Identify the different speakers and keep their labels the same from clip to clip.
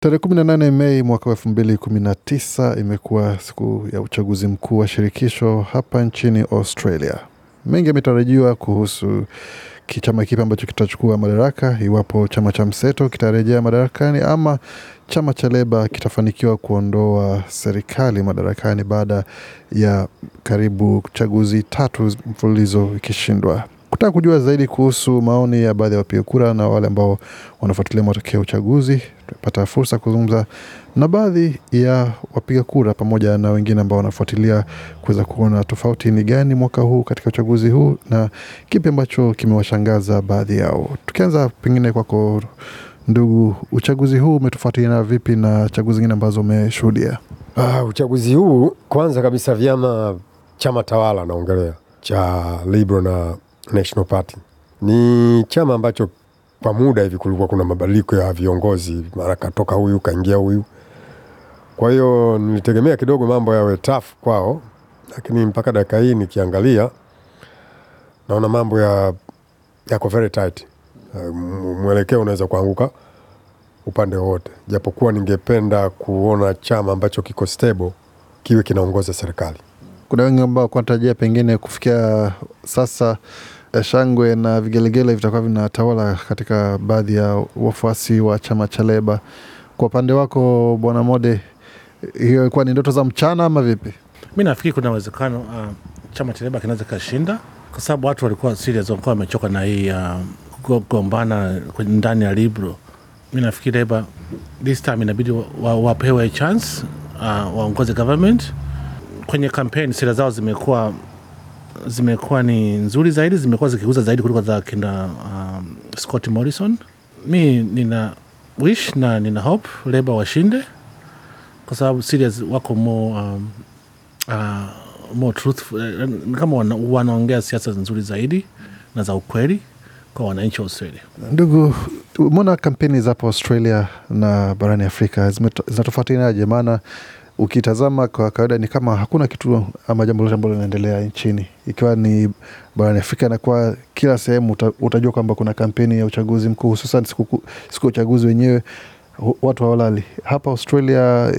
Speaker 1: Tarehe 18 Mei mwaka wa 2019 imekuwa siku ya uchaguzi mkuu wa shirikisho hapa nchini Australia. Mengi yametarajiwa kuhusu chama kipi ambacho kitachukua madaraka, iwapo chama cha mseto kitarejea madarakani ama chama cha Leba kitafanikiwa kuondoa serikali madarakani baada ya karibu chaguzi tatu mfululizo ikishindwa. Kutaka kujua zaidi kuhusu maoni ya baadhi ya wapiga kura na wale ambao wanafuatilia matokeo ya uchaguzi, tumepata fursa kuzungumza na baadhi ya wapiga kura pamoja na wengine ambao wanafuatilia kuweza kuona tofauti ni gani mwaka huu katika uchaguzi huu na kipi ambacho kimewashangaza baadhi yao. Tukianza pengine kwako, ndugu, uchaguzi huu umetofautiana vipi na chaguzi zingine ambazo umeshuhudia?
Speaker 2: Ah, uchaguzi huu kwanza kabisa vyama, chama tawala naongelea cha Liberal na National Party ni chama ambacho kwa muda hivi kulikuwa kuna mabadiliko ya viongozi, mara katoka huyu kaingia huyu. Kwa hiyo nilitegemea kidogo mambo yawe tough kwao, lakini mpaka dakika hii nikiangalia naona mambo ya yako very tight. Mwelekeo unaweza kuanguka upande wote, japokuwa ningependa kuona chama ambacho kiko stable kiwe kinaongoza serikali. Kuna wengi ambao wanatarajia pengine
Speaker 1: kufikia sasa Eh, shangwe na vigelegele vitakuwa vinatawala katika baadhi ya wafuasi wa chama cha Leba. Kwa upande wako Bwana Mode,
Speaker 3: hiyo ilikuwa ni ndoto za mchana ama vipi? Mi nafikiri kuna uwezekano uh, chama cha Leba kinaweza kikashinda kwa sababu watu walikuwa serious, walikuwa wamechoka na hii uh, ah, kugombana ndani ya Libro. Mi nafikiri Leba this time inabidi wapewe wa, wa chance uh, waongoze government. Kwenye kampeni sera zao zimekuwa zimekuwa ni nzuri zaidi, zimekuwa zikiuza zaidi kuliko za kina um, Scott Morrison. Mi nina wish na nina hope Leba washinde kwa sababu serious wako mo um, uh, more truthful uh, kama wana, wanaongea siasa nzuri zaidi na za ukweli kwa wananchi wa Australia. Ndugu,
Speaker 1: umeona kampeni zapo Australia na barani Afrika zinatofautinaje Maana ukitazama kwa kawaida ni kama hakuna kitu ama jambo lote ambalo linaendelea nchini, ikiwa ni barani Afrika, inakuwa kila sehemu uta, utajua kwamba kuna kampeni ya uchaguzi mkuu, hususan siku ya uchaguzi wenyewe watu hawalali. Hapa Australia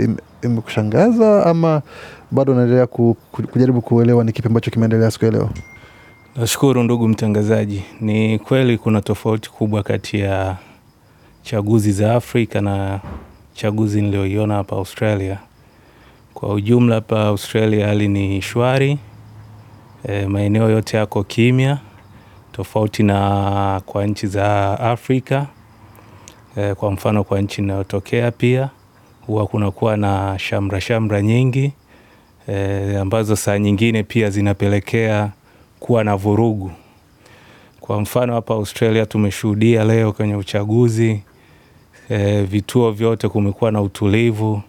Speaker 1: imekushangaza ama bado unaendelea ku, ku, kujaribu kuelewa ni kipi ambacho kimeendelea siku ya leo?
Speaker 4: Nashukuru ndugu mtangazaji, ni kweli kuna tofauti kubwa kati ya chaguzi za Afrika na chaguzi niliyoiona hapa Australia kwa ujumla hapa Australia hali ni shwari e, maeneo yote yako kimya tofauti na kwa nchi za Afrika e, kwa mfano kwa nchi inayotokea pia huwa kunakuwa na shamra shamra nyingi e, ambazo saa nyingine pia zinapelekea kuwa na vurugu. Kwa mfano hapa Australia tumeshuhudia leo kwenye uchaguzi e, vituo vyote kumekuwa na utulivu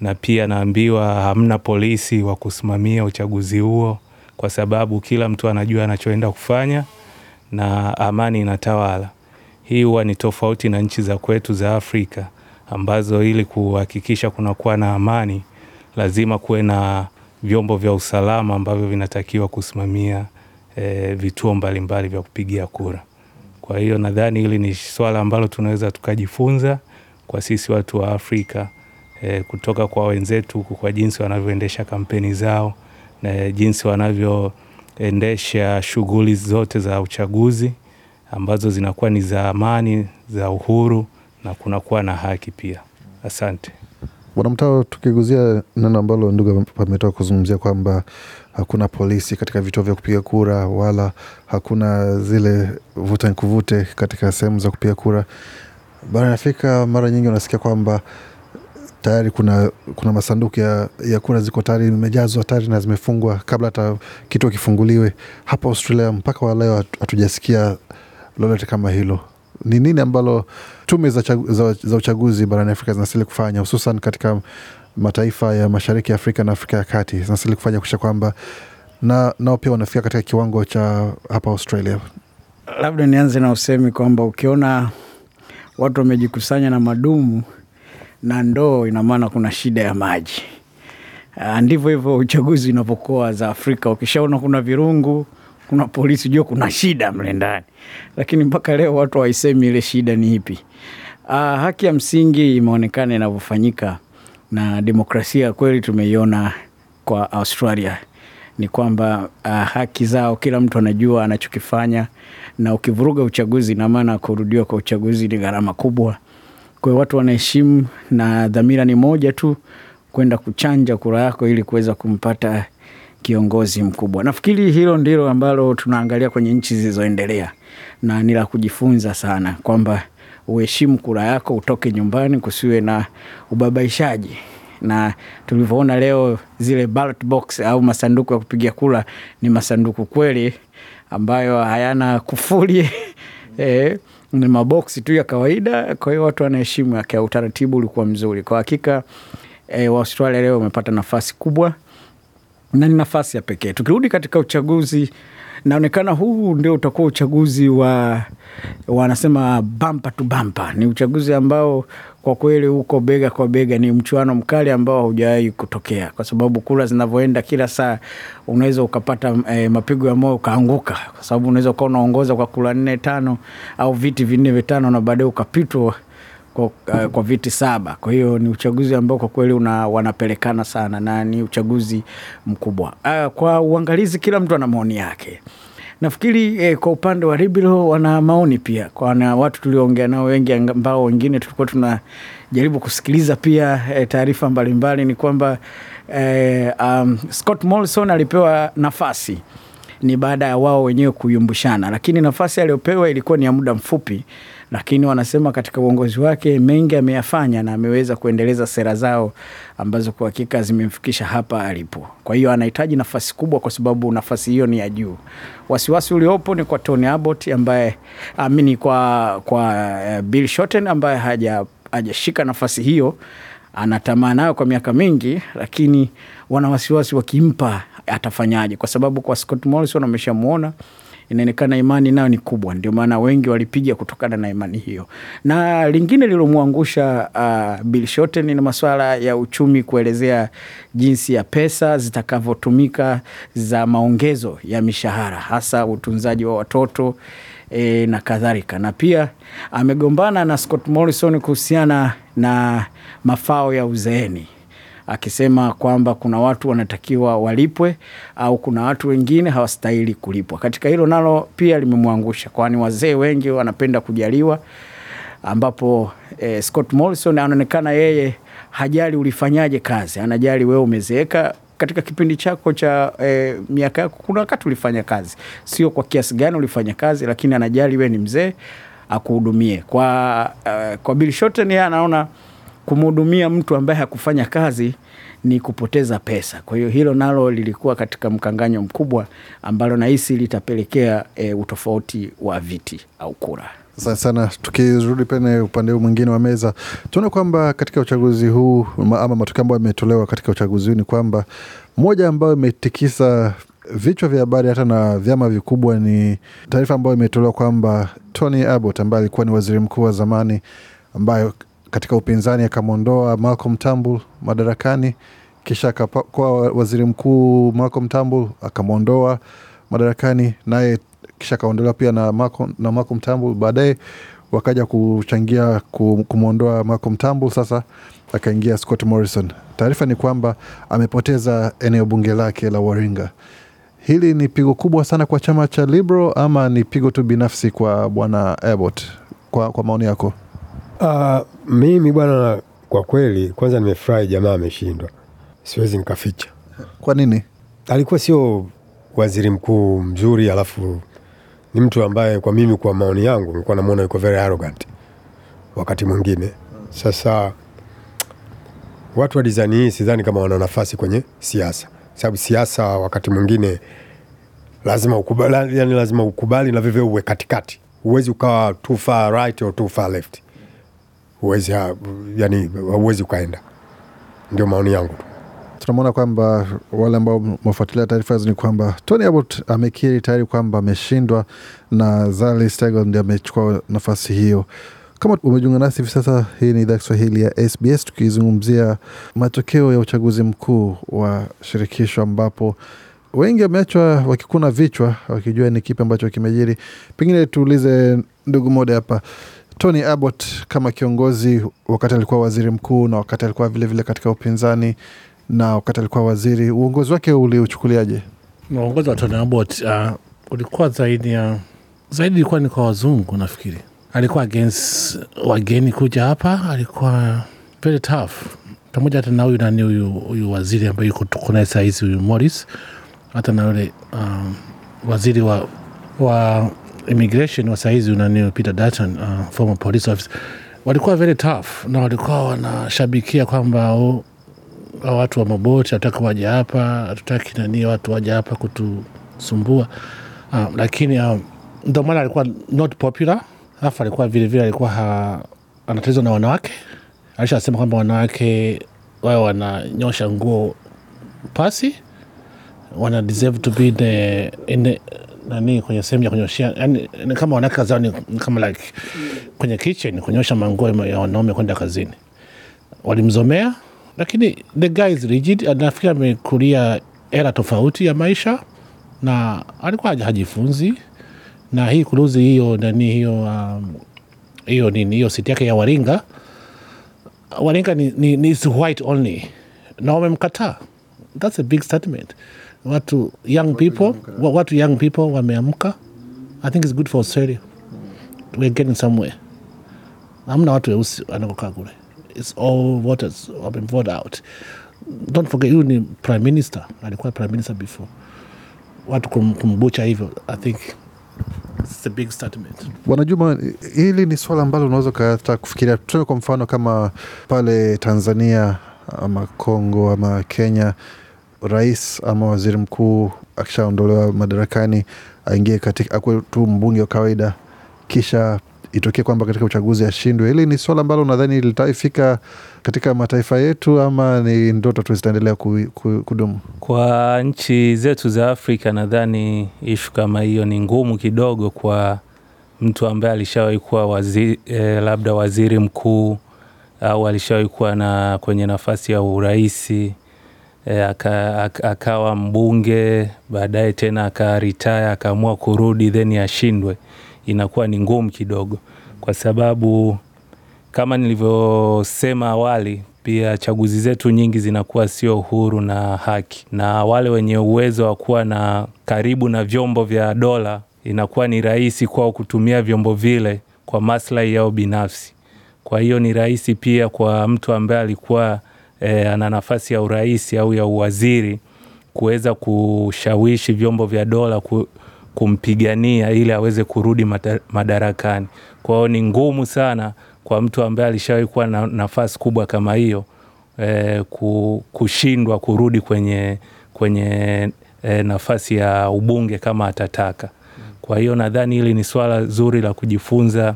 Speaker 4: na pia naambiwa hamna polisi wa kusimamia uchaguzi huo, kwa sababu kila mtu anajua anachoenda kufanya na amani inatawala. Hii huwa ni tofauti na nchi za kwetu za Afrika ambazo ili kuhakikisha kunakuwa na amani lazima kuwe na vyombo vya usalama ambavyo vinatakiwa kusimamia e, vituo mbalimbali mbali vya kupigia kura. Kwa hiyo nadhani hili ni swala ambalo tunaweza tukajifunza kwa sisi watu wa Afrika e, kutoka kwa wenzetu kwa jinsi wanavyoendesha kampeni zao na jinsi wanavyoendesha shughuli zote za uchaguzi ambazo zinakuwa ni za amani, za uhuru na kunakuwa na haki pia. Asante.
Speaker 1: Bwana Mtao, tukiguzia neno ambalo ndugu ametoka kuzungumzia kwamba hakuna polisi katika vituo vya kupiga kura wala hakuna zile vuta nikuvute katika sehemu za kupiga kura barani Afrika, mara nyingi unasikia kwamba tayari kuna, kuna masanduku ya, ya kura ziko tayari imejazwa tayari na zimefungwa kabla hata kituo kifunguliwe. Hapa Australia mpaka wa leo hatujasikia lolote kama hilo. Ni nini ambalo tume za, za, za uchaguzi barani Afrika zinastahili kufanya hususan katika mataifa ya mashariki ya Afrika na Afrika ya kati zinastahili kufanya kusha kwamba na nao pia wanafika katika kiwango cha hapa Australia?
Speaker 5: Labda nianze na usemi kwamba ukiona watu wamejikusanya na madumu na ndoo, ina maana kuna shida ya maji. Ah, ndivyo hivyo uchaguzi unapokuwa za Afrika, ukishaona kuna virungu, kuna polisi, jua kuna shida mle ndani, lakini mpaka leo watu waisemi ile shida ni ipi. Ah, haki ya msingi imeonekana inavyofanyika na demokrasia kweli tumeiona kwa Australia ni kwamba uh, haki zao kila mtu anajua anachokifanya, na ukivuruga uchaguzi, ina maana kurudiwa kwa uchaguzi ni gharama kubwa, kwa watu wanaheshimu, na dhamira ni moja tu, kwenda kuchanja kura yako ili kuweza kumpata kiongozi mkubwa. Nafikiri hilo ndilo ambalo tunaangalia kwenye nchi zilizoendelea na ni la kujifunza sana, kwamba uheshimu kura yako, utoke nyumbani, kusiwe na ubabaishaji na tulivyoona leo zile ballot box au masanduku ya kupigia kura ni masanduku kweli ambayo hayana kufuli eh, ni maboksi tu ya kawaida. Kwa hiyo watu wanaheshimu yake, utaratibu ulikuwa mzuri kwa hakika. Eh, Waustralia leo wamepata nafasi kubwa na ni nafasi ya pekee. Tukirudi katika uchaguzi naonekana huu ndio utakuwa uchaguzi wa wanasema bampa tu bampa. Ni uchaguzi ambao kwa kweli huko bega kwa bega, ni mchuano mkali ambao haujawahi kutokea, kwa sababu kura zinavyoenda kila saa unaweza ukapata e, mapigo ya moyo ukaanguka, kwa sababu unaweza ukawa unaongoza kwa kura nne tano au viti vinne vitano na baadaye ukapitwa kwa, uh, kwa viti saba. Kwa hiyo ni uchaguzi ambao kwa kweli una, wanapelekana sana na ni uchaguzi mkubwa. Uh, kwa uangalizi, kila mtu ana maoni yake. Nafikiri eh, kwa upande wa Ribilo wana maoni pia, kwana watu tulioongea nao wengi ambao wengine tulikuwa tunajaribu kusikiliza pia eh, taarifa mbalimbali ni kwamba eh, um, Scott Morrison alipewa nafasi ni baada ya wao wenyewe kuyumbushana, lakini nafasi aliyopewa ilikuwa ni ya muda mfupi, lakini wanasema katika uongozi wake mengi ameyafanya na ameweza kuendeleza sera zao ambazo kwa hakika zimemfikisha hapa alipo. Kwa hiyo anahitaji nafasi kubwa, kwa sababu nafasi hiyo ni ya juu. Wasiwasi uliopo ni kwa Tony Abbott ambaye amini kwa, kwa eh, Bill Shorten ambaye haja hajashika nafasi hiyo anatamaa nayo kwa miaka mingi, lakini wana wasiwasi wakimpa atafanyaje, kwa sababu kwa Scott Morrison wameshamwona inaonekana imani nayo ni kubwa, ndio maana wengi walipiga kutokana na imani hiyo. Na lingine lilomwangusha uh, Bill Shorten ni masuala ya uchumi, kuelezea jinsi ya pesa zitakavyotumika za maongezo ya mishahara, hasa utunzaji wa watoto e, na kadhalika, na pia amegombana na Scott Morrison kuhusiana na mafao ya uzeeni akisema kwamba kuna watu wanatakiwa walipwe au kuna watu wengine hawastahili kulipwa. Katika hilo nalo pia limemwangusha, kwani wazee wengi wanapenda kujaliwa, ambapo eh, Scott Morrison anaonekana yeye hajali ulifanyaje kazi, anajali wewe umezeeka katika kipindi chako cha e, miaka yako, kuna wakati ulifanya kazi, sio kwa kiasi gani ulifanya kazi, lakini anajali we ni mzee akuhudumie kwa, uh, kwa Bill Shorten yeye anaona kumhudumia mtu ambaye hakufanya kazi ni kupoteza pesa. Kwa hiyo hilo nalo lilikuwa katika mkanganyo mkubwa ambalo nahisi litapelekea e, utofauti wa viti au kura. Asante sana. Tukirudi
Speaker 1: pene upande huu mwingine wa meza, tuone kwamba katika uchaguzi huu ama matokeo ambayo yametolewa katika uchaguzi huu ni kwamba moja ambayo imetikisa vichwa vya habari hata na vyama vikubwa ni taarifa ambayo imetolewa kwamba Tony Abbott ambaye alikuwa ni waziri mkuu wa zamani ambayo katika upinzani akamwondoa Malcolm Turnbull madarakani, kisha akakuwa waziri mkuu Malcolm Turnbull akamwondoa madarakani, naye kisha akaondolewa pia na Malcolm, na Baadaye wakaja kuchangia kumwondoa Malcolm Turnbull, sasa akaingia Scott Morrison. Taarifa ni kwamba amepoteza eneo bunge lake la Waringa. Hili ni pigo kubwa sana kwa chama cha Liberal ama ni pigo tu binafsi kwa bwana Abbott? Kwa, kwa maoni
Speaker 2: yako? Uh, mimi bwana, kwa kweli kwanza nimefurahi jamaa ameshindwa, siwezi nikaficha. Kwa nini? Alikuwa sio waziri mkuu mzuri, alafu ni mtu ambaye kwa mimi, kwa maoni yangu, nilikuwa namuona yuko very arrogant wakati mwingine. Sasa watu wa design hii sidhani kama wana nafasi kwenye siasa, sababu siasa wakati mwingine lazima ukubali, yani lazima ukubali na vivyo uwe katikati. Huwezi ukawa too far right or too far left, huwezi yani, huwezi ukaenda. Ndio maoni yangu tu
Speaker 1: tunamwona kwamba wale ambao mafuatilia taarifa hizo ni kwamba Tony Abbott amekiri tayari kwamba ameshindwa na Zali Steggall amechukua nafasi hiyo. Kama umejiunga nasi hivi sasa, hii ni idhaa Kiswahili ya SBS tukizungumzia matokeo ya uchaguzi mkuu wa shirikisho ambapo wengi wameachwa wakikuna vichwa wakijua ni kipi ambacho kimejiri. Pengine tuulize ndugu moja hapa, Tony Abbott kama kiongozi, wakati alikuwa waziri mkuu na wakati alikuwa vilevile vile katika upinzani, na wakati alikuwa waziri, uongozi wake uliuchukuliaje?
Speaker 3: Uongozi wa Tony Abbott uh, ulikuwa zaidi ya uh, zaidi ilikuwa ni kwa wazungu nafikiri, alikuwa against wageni kuja hapa, alikuwa very tough, pamoja hata na huyu nani huyu waziri ambaye yuko tuko naye saa hizi huyu Morris, hata na yule um, waziri wa, wa immigration wa saa hizi nani Peter Dutton, uh, former police officer, walikuwa very tough na walikuwa wanashabikia kwamba oh, watu wa maboti hatutaki waja hapa, hatutaki nani watu waja hapa kutusumbua. Um, lakini um, ah, ndo maana alikuwa not popular, alafu alikuwa vilevile alikuwa anatatizwa na wanawake. Alishasema kwamba wanawake wao wananyosha nguo pasi, wana deserve to be the, in the, nani kwenye sehemu ya kunyoshea yani, kama wanawake kazao ni kama like kwenye kitchen kunyosha manguo ya wanaume kwenda kazini. Walimzomea lakini the guy is rigid. Nafikiri amekulia era tofauti ya maisha na alikuwa hajifunzi, na hii kuruzi hiyo nani hiyo um, hiyo nini hiyo siti yake ya Waringa. Waringa ni, ni, ni is white only na wamemkataa. That's a big statement. Watu young people, watu young people wameamka. I think it's good for Australia. weare getting somewhere. amna watu weusi anakokaa kule is all waters have been poured out. Don't forget huyu ni prime minister, I alikuwa prime minister before. What kum, kumbucha evil, I think it's a big statement. Bwana Juma, hili ni swala ambalo
Speaker 1: unaweza ukataka kufikiria. Tuseme kwa mfano kama pale Tanzania ama Kongo ama Kenya, rais ama waziri mkuu akishaondolewa madarakani aingie katika akwe tu mbunge wa kawaida, kisha itokee kwamba katika uchaguzi ashindwe. Hili ni swala ambalo nadhani litaifika katika mataifa yetu, ama ni ndoto tu zitaendelea ku, ku, kudumu
Speaker 4: kwa nchi zetu za Afrika? Nadhani ishu kama hiyo ni ngumu kidogo kwa mtu ambaye alishawahi kuwa wazi, eh, labda waziri mkuu au alishawahi kuwa na kwenye nafasi ya urahisi E, eh, akawa aka, aka mbunge baadaye tena akaritaya akaamua kurudi then ashindwe inakuwa ni ngumu kidogo, kwa sababu kama nilivyosema awali, pia chaguzi zetu nyingi zinakuwa sio huru na haki, na wale wenye uwezo wa kuwa na karibu na vyombo vya dola inakuwa ni rahisi kwao kutumia vyombo vile kwa maslahi yao binafsi. Kwa hiyo ni rahisi pia kwa mtu ambaye alikuwa e, ana nafasi ya urais au ya uwaziri kuweza kushawishi vyombo vya dola ku, kumpigania ili aweze kurudi madarakani. Kwa hiyo ni ngumu sana kwa mtu ambaye alishawahi kuwa na nafasi kubwa kama hiyo e, kushindwa kurudi kwenye, kwenye e, nafasi ya ubunge kama atataka. Kwa hiyo nadhani hili ni swala zuri la kujifunza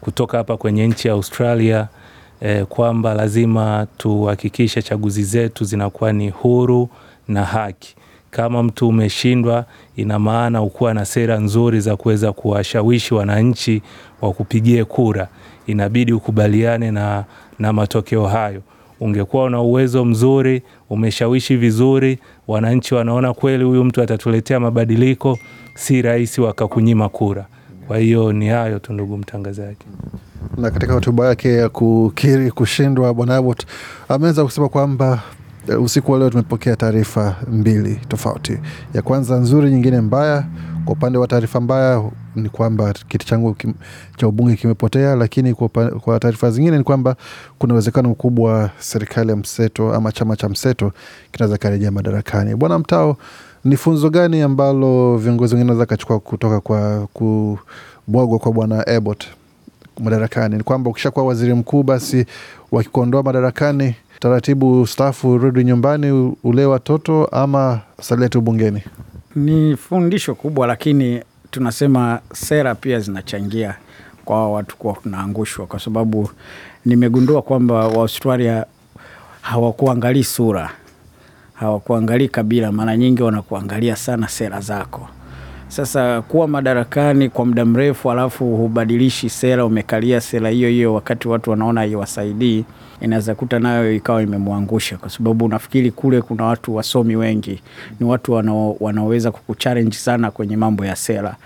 Speaker 4: kutoka hapa kwenye nchi ya Australia e, kwamba lazima tuhakikishe chaguzi zetu zinakuwa ni huru na haki. Kama mtu umeshindwa ina maana ukuwa na sera nzuri za kuweza kuwashawishi wananchi wakupigie kura, inabidi ukubaliane na, na matokeo hayo. Ungekuwa una uwezo mzuri, umeshawishi vizuri, wananchi wanaona kweli huyu mtu atatuletea mabadiliko, si rahisi wakakunyima kura. Kwa hiyo ni hayo tu, ndugu mtangazaji.
Speaker 1: Na katika hotuba yake ya kukiri kushindwa, Bwana Abbott ameweza kusema kwamba Eh, usiku wa leo tumepokea taarifa mbili tofauti, ya kwanza nzuri, nyingine mbaya. Kwa upande wa taarifa mbaya ni kwamba kiti changu kim, cha ubunge kimepotea, lakini kwa, kwa taarifa zingine ni kwamba kuna uwezekano mkubwa serikali ya mseto ama chama cha mseto kinaweza karejea madarakani. Bwana Mtao, ni funzo gani ambalo viongozi wengine naweza kachukua kutoka kwa kubwagwa kwa bwana Abbott madarakani? Ni kwamba ukishakuwa waziri mkuu, basi wakikuondoa madarakani taratibu stafu rudi nyumbani ule watoto ama salia tu bungeni?
Speaker 5: Ni fundisho kubwa, lakini tunasema sera pia zinachangia kwa watu kuwa kunaangushwa kwa sababu nimegundua kwamba waustralia hawakuangalii sura, hawakuangalii kabila, mara nyingi wanakuangalia sana sera zako. Sasa kuwa madarakani kwa muda mrefu alafu hubadilishi sera, umekalia sera hiyo hiyo, wakati watu wanaona haiwasaidii inaweza kuta nayo ikawa imemwangusha, kwa sababu unafikiri kule kuna watu wasomi wengi, ni watu wanao, wanaoweza kukuchallenge sana kwenye mambo ya sera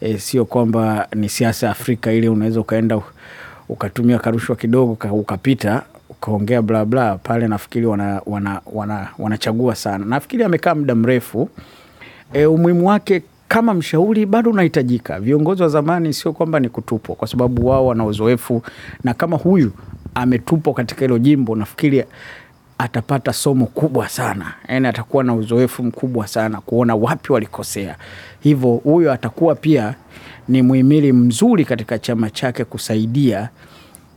Speaker 5: e, sio kwamba ni siasa ya Afrika ile unaweza ukaenda ukatumia karushwa kidogo ukapita ukaongea bla bla pale. Nafikiri wanachagua wana, wana, wana sana. Nafikiri amekaa muda mrefu e, umuhimu wake kama mshauri bado unahitajika. Viongozi wa zamani sio kwamba ni kutupwa, kwa sababu wao wana uzoefu, na kama huyu ametupwa katika hilo jimbo, nafikiri atapata somo kubwa sana, yaani atakuwa na uzoefu mkubwa sana kuona wapi walikosea. Hivyo huyo atakuwa pia ni muhimili mzuri katika chama chake kusaidia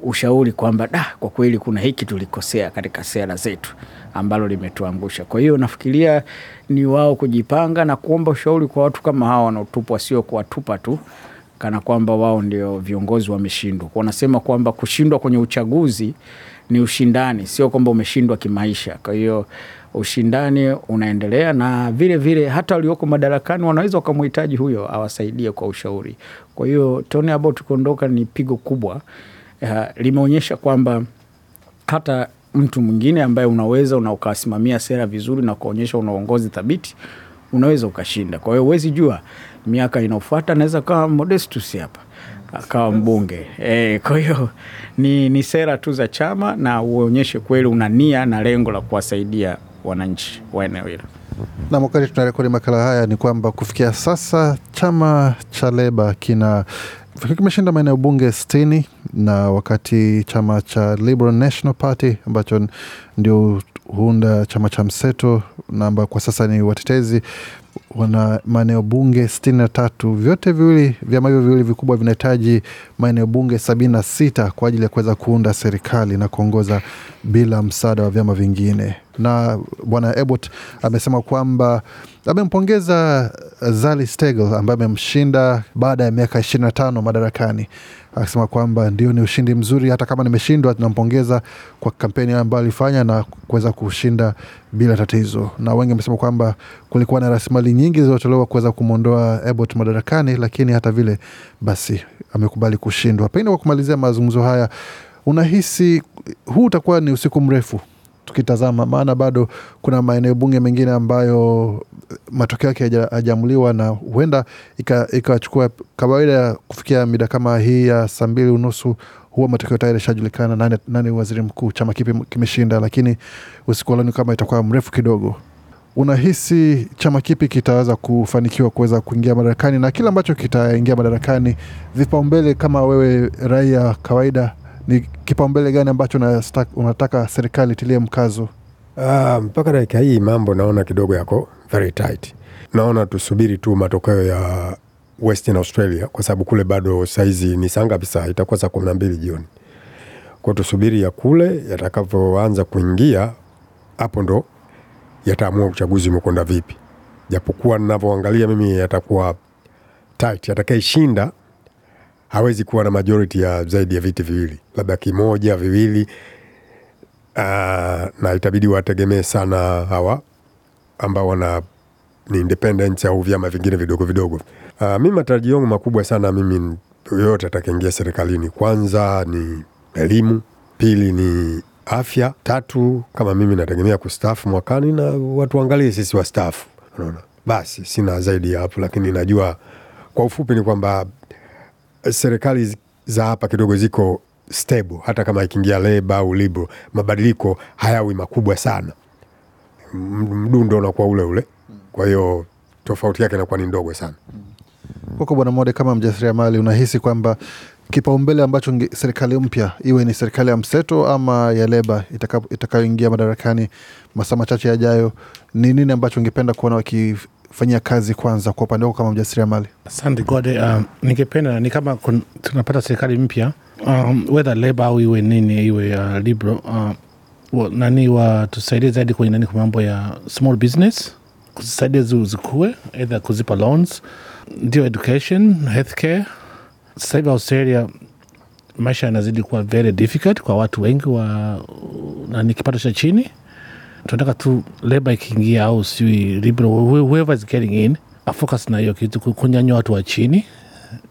Speaker 5: ushauri kwamba da, kwa kweli kuna hiki tulikosea katika sera zetu ambalo limetuangusha. Kwa hiyo nafikiria ni wao kujipanga na kuomba ushauri kwa watu kama hawa wanaotupwa, sio kuwatupa tu kana kwamba wao ndio viongozi wameshindwa. Wanasema kwamba kushindwa kwenye uchaguzi ni ushindani, sio kwamba umeshindwa kimaisha. Kwa hiyo ushindani unaendelea, na vile vile hata walioko madarakani wanaweza wakamhitaji huyo awasaidie kwa ushauri. Kwa hiyo Tony Abbott kuondoka ni pigo kubwa. Uh, limeonyesha kwamba hata mtu mwingine ambaye unaweza na ukasimamia sera vizuri na kuonyesha una uongozi thabiti unaweza ukashinda. Kwa hiyo huwezi jua miaka inayofuata anaweza kawa Modestus hapa akawa mbunge e. Kwa hiyo ni, ni sera tu za chama na uonyeshe kweli una nia na lengo la kuwasaidia wananchi wa eneo hilo.
Speaker 1: Na wakati tunarekodi makala haya ni kwamba kufikia sasa chama cha Leba kina kimeshinda maeneo bunge sitini na wakati chama cha Liberal National Party ambacho ndio huunda chama cha mseto na ambao kwa sasa ni watetezi wana maeneo bunge sitini na tatu. Vyote viwili vyama hivyo viwili vikubwa vinahitaji maeneo bunge sabini na sita kwa ajili ya kuweza kuunda serikali na kuongoza bila msaada wa vyama vingine. Na bwana Ebot amesema kwamba amempongeza Zali Stegel ambaye amemshinda baada ya miaka ishirini na tano madarakani, akisema kwamba ndio ni ushindi mzuri, hata kama nimeshindwa, tunampongeza kwa kampeni ambayo alifanya na kuweza kushinda bila tatizo. Na wengi wamesema kwamba kulikuwa na rasilimali nyingi zilizotolewa kuweza kumwondoa Abbott madarakani, lakini hata vile basi amekubali kushindwa. Pengine kwa kumalizia mazungumzo haya, unahisi huu utakuwa ni usiku mrefu tukitazama, maana bado kuna maeneo bunge mengine ambayo eh, matokeo yake hajaamuliwa na huenda ikachukua. Kawaida ya kufikia mida kama hii ya saa mbili unusu huwa matokeo tayari yashajulikana, nani, nani waziri mkuu, chama kipi kimeshinda, lakini usiku wa leo kama itakuwa mrefu kidogo. Unahisi chama kipi kitaweza kufanikiwa kuweza kuingia madarakani na kile ambacho kitaingia madarakani, vipaumbele kama wewe raia kawaida ni kipaumbele gani ambacho unataka, unataka serikali itilie mkazo?
Speaker 2: Uh, mpaka dakika hii mambo naona kidogo yako very tight. Naona tusubiri tu matokeo ya Western Australia kwa sababu kule bado saizi ni saa ngapi? Saa itakuwa saa kumi na mbili jioni kwa tusubiri ya kule yatakavyoanza kuingia, hapo ndo yataamua uchaguzi umekwenda vipi. Japokuwa ninavyoangalia mimi yatakuwa tight, atakayeshinda hawezi kuwa na majority ya zaidi ya viti viwili, labda kimoja viwili. Uh, na itabidi wategemee sana hawa ambao wana ni independent au vyama vingine vidogo vidogo. Uh, ah, mi matarajio yangu makubwa sana mimi, yoyote atakaingia serikalini, kwanza ni elimu, pili ni afya, tatu kama mimi nategemea kustaafu mwakani, na watu waangalie sisi wastaafu, unaona. Basi sina zaidi ya hapo, lakini najua kwa ufupi ni kwamba serikali za hapa kidogo ziko stable, hata kama ikiingia leba au libo, mabadiliko hayawi makubwa sana, mdundo unakuwa ule ule. Kwa hiyo tofauti yake inakuwa ni ndogo sana.
Speaker 1: Huko Bwana Mode, kama mjasiriamali, unahisi kwamba kipaumbele ambacho serikali mpya iwe ni serikali ya mseto ama ya leba itakayoingia itaka madarakani masaa machache yajayo, ni nini ambacho ungependa kuona kufanyia kazi kwanza kwa upande wako kama mjasiriamali?
Speaker 3: Asante Gode. Eh, uh, um, ningependa ni kama kun, tunapata serikali mpya um, whether labor au iwe nini iwe uh, libro uh, wa, nani watusaidie zaidi kwenye nani kwa mambo ya small business kuzisaidia zi zikue, either kuzipa loans, ndio education, healthcare. Sasa hivi Australia maisha yanazidi kuwa very difficult kwa watu wengi wa nani kipato cha chini tunataka tu leba ikiingia au sijui liberal whoever is getting in afocus na hiyo kitu kunyanywa watu wa chini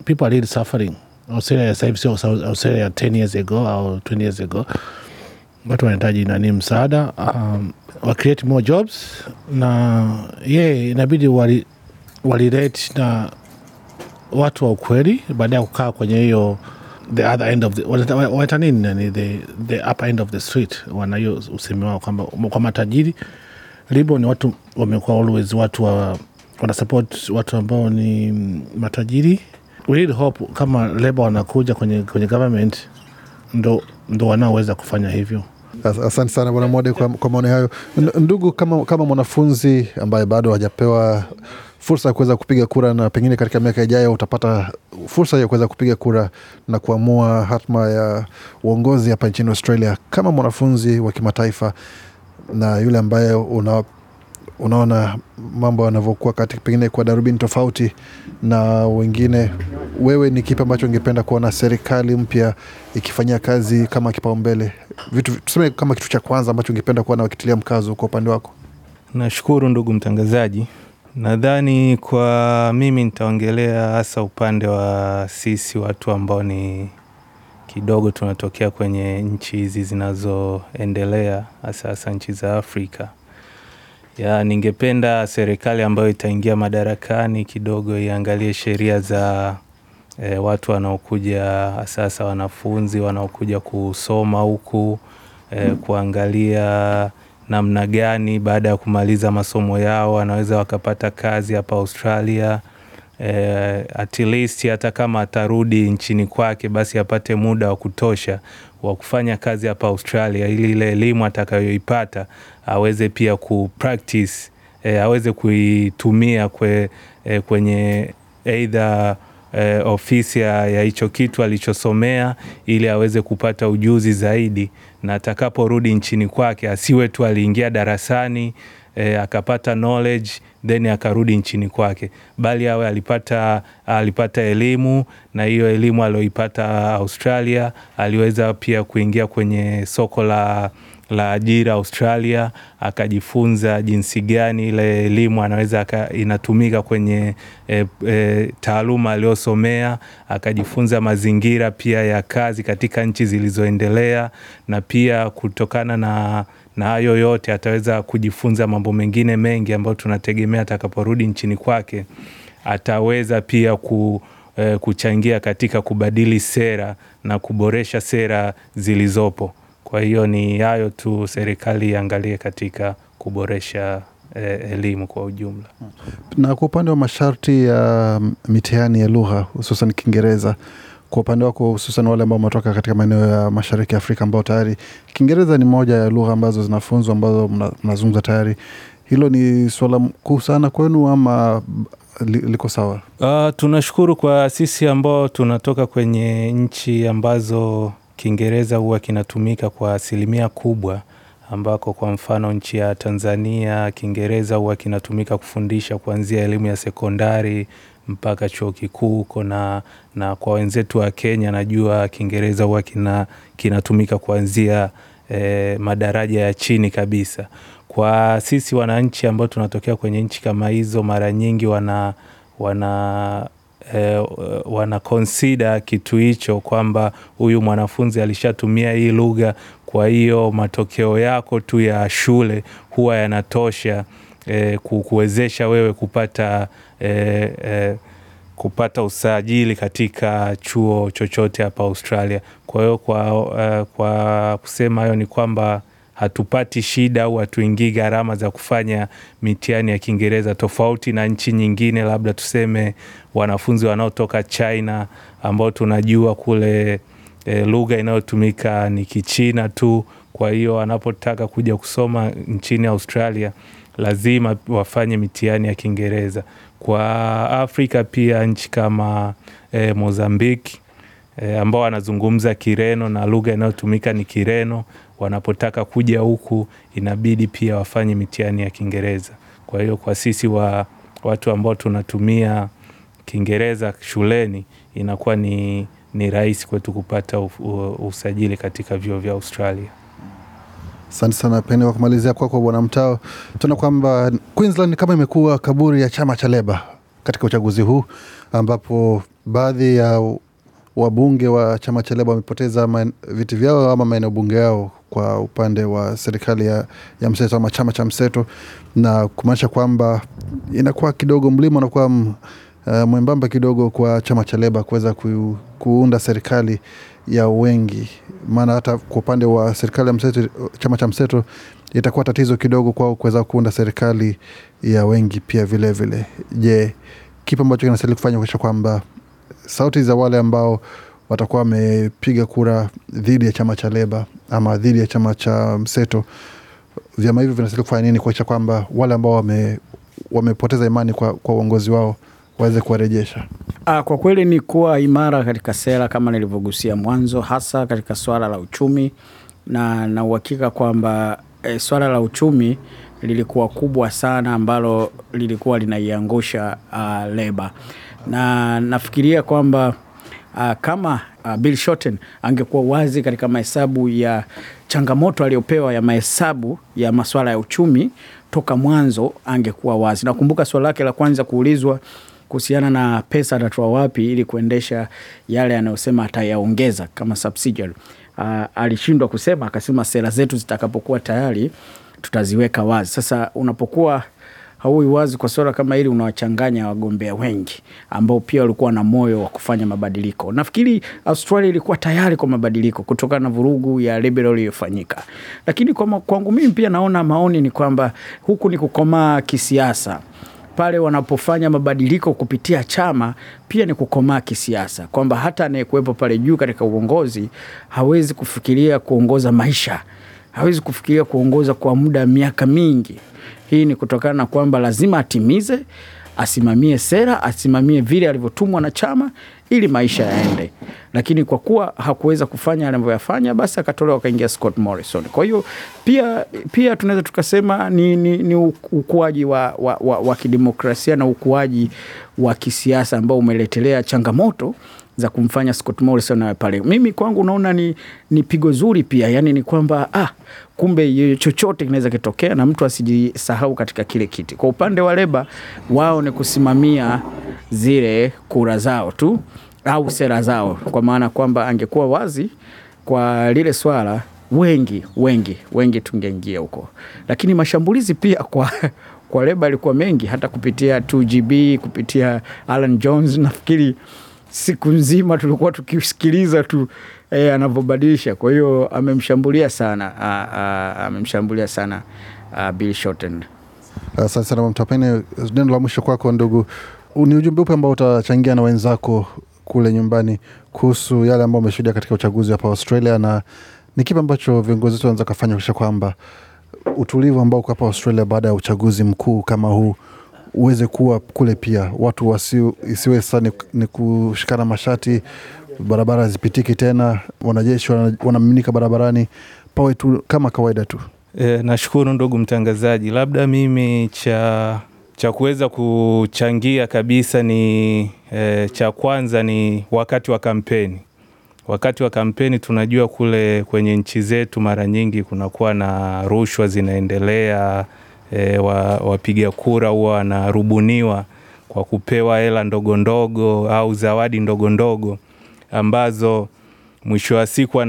Speaker 3: people are really suffering australia ya sahivi sio australia ya 10 years ago au 20 years ago watu wanahitaji nani msaada um, wa create more jobs na ye yeah, inabidi walirate wali na watu wa ukweli baada ya kukaa kwenye hiyo the other end of the wanaita nini nani the, the upper end of the street hiyo usemi wao kwamba kwa matajiri libo ni watu wamekuwa always watu wa, wana support watu ambao ni matajiri we need hope kama leba wanakuja kwenye, kwenye government ndo, ndo wanaoweza kufanya hivyo Asante sana Bwana mode kwa, kwa maoni hayo.
Speaker 1: Ndugu, kama, kama mwanafunzi ambaye bado hajapewa fursa ya kuweza kupiga kura, na pengine katika miaka ijayo utapata fursa ya kuweza kupiga kura na kuamua hatma ya uongozi hapa nchini Australia kama mwanafunzi wa kimataifa na yule ambaye una, unaona mambo yanavyokuwa katika pengine kwa darubini tofauti na wengine. Wewe ni kipi ambacho ungependa kuona serikali mpya ikifanyia kazi kama kipaumbele, vitu tuseme kama kitu cha kwanza ambacho ungependa kuona wakitilia mkazo kwa upande
Speaker 4: wako? Nashukuru ndugu mtangazaji. Nadhani kwa mimi nitaongelea hasa upande wa sisi watu ambao ni kidogo tunatokea kwenye nchi hizi zinazoendelea hasa hasa nchi za Afrika. Ya ningependa serikali ambayo itaingia madarakani kidogo iangalie sheria za eh, watu wanaokuja hasa hasa wanafunzi wanaokuja kusoma huku eh, kuangalia namna gani baada ya kumaliza masomo yao wanaweza wakapata kazi hapa Australia. E, at least hata kama atarudi nchini kwake basi apate muda wa kutosha wa kufanya kazi hapa Australia ili ile elimu atakayoipata aweze pia ku e, aweze kuitumia kwe, e, kwenye either e, ofisi ya hicho kitu alichosomea ili aweze kupata ujuzi zaidi na atakaporudi nchini kwake asiwe tu aliingia darasani e, akapata knowledge then akarudi nchini kwake, bali awe alipata, alipata elimu na hiyo elimu aliyoipata Australia aliweza pia kuingia kwenye soko la la ajira Australia, akajifunza jinsi gani ile elimu anaweza inatumika kwenye e, e, taaluma aliyosomea, akajifunza mazingira pia ya kazi katika nchi zilizoendelea, na pia kutokana na na hayo yote ataweza kujifunza mambo mengine mengi ambayo tunategemea atakaporudi nchini kwake ataweza pia ku, eh, kuchangia katika kubadili sera na kuboresha sera zilizopo. Kwa hiyo ni hayo tu, serikali iangalie katika kuboresha eh, elimu kwa ujumla.
Speaker 1: Na kwa upande wa masharti ya mm, mitihani ya lugha hususan Kiingereza, kwa upande wako, hususan wale ambao wametoka katika maeneo ya mashariki ya Afrika ambao tayari Kiingereza ni moja ya lugha ambazo zinafunzwa ambazo mnazungumza tayari, hilo ni suala kuu sana kwenu ama mm, liko sawa?
Speaker 4: Uh, tunashukuru kwa sisi ambao tunatoka kwenye nchi ambazo Kiingereza huwa kinatumika kwa asilimia kubwa ambako kwa mfano nchi ya Tanzania Kiingereza huwa kinatumika kufundisha kuanzia elimu ya sekondari mpaka chuo kikuu huko na kwa wenzetu wa Kenya najua Kiingereza huwa kinatumika kuanzia eh, madaraja ya chini kabisa. Kwa sisi wananchi ambao tunatokea kwenye nchi kama hizo mara nyingi wana eh, wanakonsida kitu hicho kwamba huyu mwanafunzi alishatumia hii lugha, kwa hiyo matokeo yako tu ya shule huwa yanatosha eh, kuwezesha wewe kupata eh, eh, kupata usajili katika chuo chochote hapa Australia. Kwa hiyo kwa, uh, kwa kusema hayo ni kwamba hatupati shida au hatuingii gharama za kufanya mitihani ya Kiingereza tofauti na nchi nyingine, labda tuseme wanafunzi wanaotoka China ambao tunajua kule e, lugha inayotumika ni Kichina tu. Kwa hiyo wanapotaka kuja kusoma nchini Australia lazima wafanye mitihani ya Kiingereza. Kwa Afrika pia nchi kama e, eh, Mozambiki e, ambao wanazungumza Kireno na lugha inayotumika ni Kireno, wanapotaka kuja huku inabidi pia wafanye mitihani ya Kiingereza. Kwa hiyo kwa sisi wa watu ambao tunatumia Kiingereza shuleni inakuwa ni, ni rahisi kwetu kupata usajili katika vyuo vya Australia.
Speaker 1: Asante sana Pene, kwa kumalizia kwako Bwana Mtao, tunaona kwamba Queensland kama imekuwa kaburi ya chama cha Leba katika uchaguzi huu ambapo baadhi ya wabunge wa chama cha Leba wamepoteza viti vyao ama maeneo bunge yao kwa upande wa serikali ya, ya mseto ama chama cha mseto, na kumaanisha kwamba inakuwa kidogo mlima unakuwa uh, mwembamba kidogo kwa chama cha Leba kuweza ku, kuunda serikali ya wengi, maana hata kwa upande wa serikali ya mseto, chama cha mseto itakuwa tatizo kidogo kwao kuweza kuunda serikali ya wengi pia vilevile. Je, kipi ambacho kinastahili kufanya kuakisha kwamba sauti za wale ambao watakuwa wamepiga kura dhidi ya chama cha Leba ama dhidi ya chama cha mseto, vyama hivyo vinastahili kufanya nini kuakisha kwamba wale ambao wame, wamepoteza imani kwa, kwa uongozi wao waweze kuwarejesha?
Speaker 5: Ah, kwa kweli ni kuwa imara katika sera kama nilivyogusia mwanzo, hasa katika swala la uchumi, na na uhakika kwamba e, swala la uchumi lilikuwa kubwa sana ambalo lilikuwa linaiangusha uh, ah, Leba na nafikiria kwamba uh, kama uh, Bill Shorten angekuwa wazi katika mahesabu ya changamoto aliyopewa ya mahesabu ya masuala ya uchumi toka mwanzo, angekuwa wazi. Nakumbuka swali lake la kwanza kuulizwa kuhusiana na pesa atatoa wapi ili kuendesha yale anayosema atayaongeza kama subsidiary. Uh, alishindwa kusema, akasema sera zetu zitakapokuwa tayari tutaziweka wazi. Sasa unapokuwa haui wazi kwa swala kama hili, unawachanganya wagombea wengi ambao pia walikuwa na moyo wa kufanya mabadiliko. Nafikiri Australia ilikuwa tayari kwa mabadiliko kutokana na vurugu ya Liberal iliyofanyika, lakini kwa kwangu mimi pia naona maoni ni kwamba huku ni kukomaa kisiasa pale wanapofanya mabadiliko kupitia chama pia ni kukomaa kisiasa, kwamba hata anayekuwepo pale juu katika uongozi hawezi kufikiria kuongoza maisha, hawezi kufikiria kuongoza kwa muda miaka mingi. Hii ni kutokana na kwamba lazima atimize, asimamie sera, asimamie vile alivyotumwa na chama ili maisha yaende, lakini kwa kuwa hakuweza kufanya alivyoyafanya, basi akatolewa akaingia Scott Morrison. Kwa hiyo pia, pia tunaweza tukasema ni, ni, ni ukuaji wa, wa, wa, wa kidemokrasia na ukuaji wa kisiasa ambao umeletelea changamoto za kumfanya Scott Morrison awe pale. Mimi kwangu naona ni, ni pigo zuri pia, yani ni kwamba ah, kumbe chochote kinaweza kitokea na mtu asijisahau katika kile kiti. Kwa upande wa Leba, wao ni kusimamia zile kura zao tu au sera zao, kwa maana kwamba angekuwa wazi kwa lile swala wengi wengi wengi tungeingia huko, lakini mashambulizi pia kwa kwa Leba alikuwa mengi, hata kupitia 2GB kupitia Alan Jones nafikiri siku nzima tulikuwa tukisikiliza tu e, anavyobadilisha. Kwa hiyo amemshambulia sana, amemshambulia sana a, Bill Shorten.
Speaker 1: Asante sana Mamtapene, neno la mwisho kwako ndugu, ni ujumbe upe ambao utachangia na wenzako kule nyumbani kuhusu yale ambayo ameshuhudia katika uchaguzi hapa Australia, na ni kipi ambacho viongozi wetu wanaweza kafanya kuisha kwamba utulivu ambao uko hapa Australia baada ya uchaguzi mkuu kama huu uweze kuwa kule pia, watu wasi, isiwe sasa ni, ni kushikana mashati, barabara zipitiki tena, wanajeshi wanamiminika barabarani, pawe tu kama kawaida tu.
Speaker 4: E, nashukuru ndugu mtangazaji, labda mimi cha cha kuweza kuchangia kabisa ni e, cha kwanza ni wakati wa kampeni. Wakati wa kampeni tunajua kule kwenye nchi zetu mara nyingi kunakuwa na rushwa zinaendelea e, wapiga kura huwa wanarubuniwa kwa kupewa hela ndogo ndogo au zawadi ndogo ndogo ambazo mwisho wa siku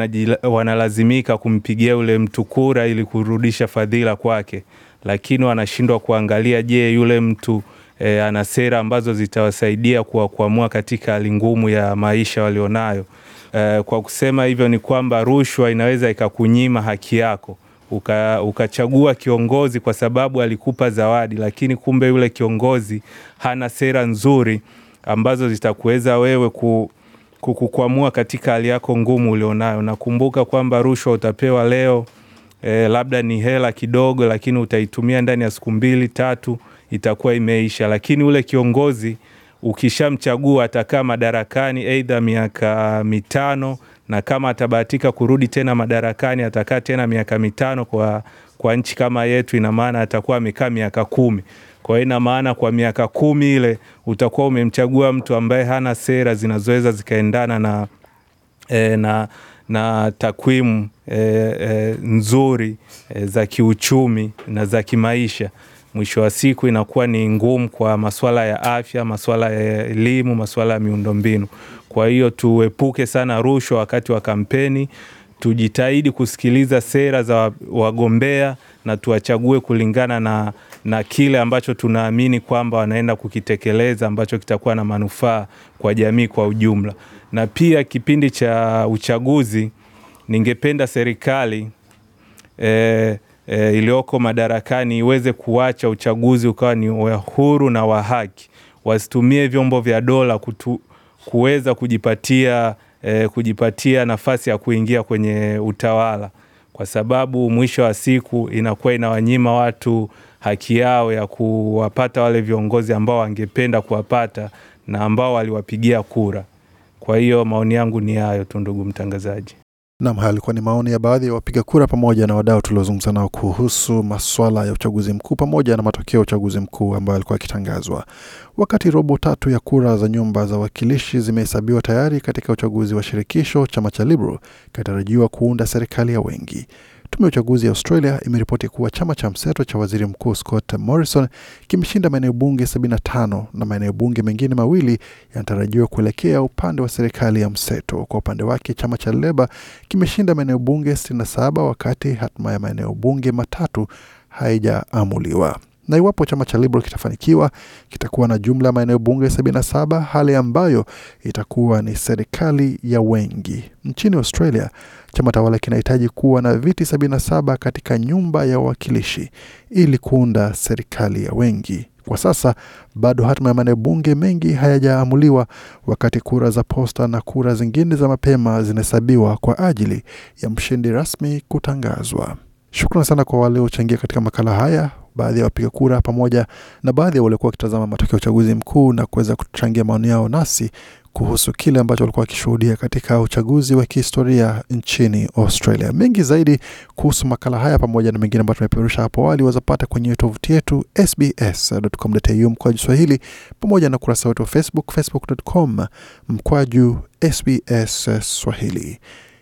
Speaker 4: wanalazimika kumpigia yule mtu kura ili kurudisha fadhila kwake, lakini wanashindwa kuangalia, je, yule mtu e, ana sera ambazo zitawasaidia kuwakwamua katika hali ngumu ya maisha walionayo. E, kwa kusema hivyo ni kwamba rushwa inaweza ikakunyima haki yako uka, ukachagua kiongozi kwa sababu alikupa zawadi, lakini kumbe yule kiongozi hana sera nzuri ambazo zitakuweza wewe ku, kukukwamua katika hali yako ngumu ulionayo. Nakumbuka kwamba rushwa utapewa leo e, labda ni hela kidogo, lakini utaitumia ndani ya siku mbili tatu itakuwa imeisha, lakini ule kiongozi ukishamchagua atakaa madarakani aidha miaka mitano na kama atabahatika kurudi tena madarakani atakaa tena miaka mitano. Kwa, kwa nchi kama yetu ina maana atakuwa amekaa miaka kumi. Kwa hiyo ina maana kwa miaka kumi ile utakuwa umemchagua mtu ambaye hana sera zinazoweza zikaendana na, e, na, na takwimu e, e, nzuri e, za kiuchumi na za kimaisha mwisho wa siku inakuwa ni ngumu kwa masuala ya afya, masuala ya elimu, masuala ya miundombinu. Kwa hiyo tuepuke sana rushwa wakati wa kampeni, tujitahidi kusikiliza sera za wagombea na tuwachague kulingana na, na kile ambacho tunaamini kwamba wanaenda kukitekeleza ambacho kitakuwa na manufaa kwa jamii kwa ujumla. Na pia kipindi cha uchaguzi ningependa serikali eh, e, iliyoko madarakani iweze kuacha uchaguzi ukawa ni wa huru na wa haki, wasitumie vyombo vya dola kuweza kujipatia, e, kujipatia nafasi ya kuingia kwenye utawala, kwa sababu mwisho wa siku inakuwa inawanyima watu haki yao ya kuwapata wale viongozi ambao wangependa kuwapata na ambao waliwapigia kura. Kwa hiyo maoni yangu ni hayo tu, ndugu mtangazaji. Nam, haya
Speaker 1: alikuwa ni maoni ya baadhi ya wapiga kura pamoja na wadau tuliozungumza nao kuhusu maswala ya uchaguzi mkuu pamoja na matokeo ya uchaguzi mkuu ambayo alikuwa akitangazwa. Wakati robo tatu ya kura za nyumba za wakilishi zimehesabiwa tayari katika uchaguzi wa shirikisho, chama cha Liberal kinatarajiwa kuunda serikali ya wengi. Tume ya uchaguzi ya Australia imeripoti kuwa chama cha mseto cha waziri mkuu Scott Morrison kimeshinda maeneo bunge 75 na maeneo bunge mengine mawili yanatarajiwa kuelekea upande wa serikali ya mseto. Kwa upande wake, chama cha Leba kimeshinda maeneo bunge 67 wakati hatima ya maeneo bunge matatu haijaamuliwa na iwapo chama cha Liberal kitafanikiwa, kitakuwa na jumla ya maeneo bunge 77, hali ambayo itakuwa ni serikali ya wengi. Nchini Australia, chama tawala kinahitaji kuwa na viti 77 katika nyumba ya wawakilishi ili kuunda serikali ya wengi. Kwa sasa bado hatima ya maeneo bunge mengi hayajaamuliwa, wakati kura za posta na kura zingine za mapema zinahesabiwa kwa ajili ya mshindi rasmi kutangazwa. Shukran sana kwa waliochangia katika makala haya baadhi ya wapiga kura pamoja na baadhi ya waliokuwa wakitazama matokeo ya uchaguzi mkuu na kuweza kuchangia maoni yao nasi kuhusu kile ambacho walikuwa wakishuhudia katika uchaguzi wa kihistoria nchini Australia. Mengi zaidi kuhusu makala haya pamoja na mengine ambayo tumepeperusha hapo awali wazapata kwenye tovuti yetu sbs.com.au mkwaju Swahili pamoja na ukurasa wetu wa Facebook facebook.com mkwaju SBS Swahili.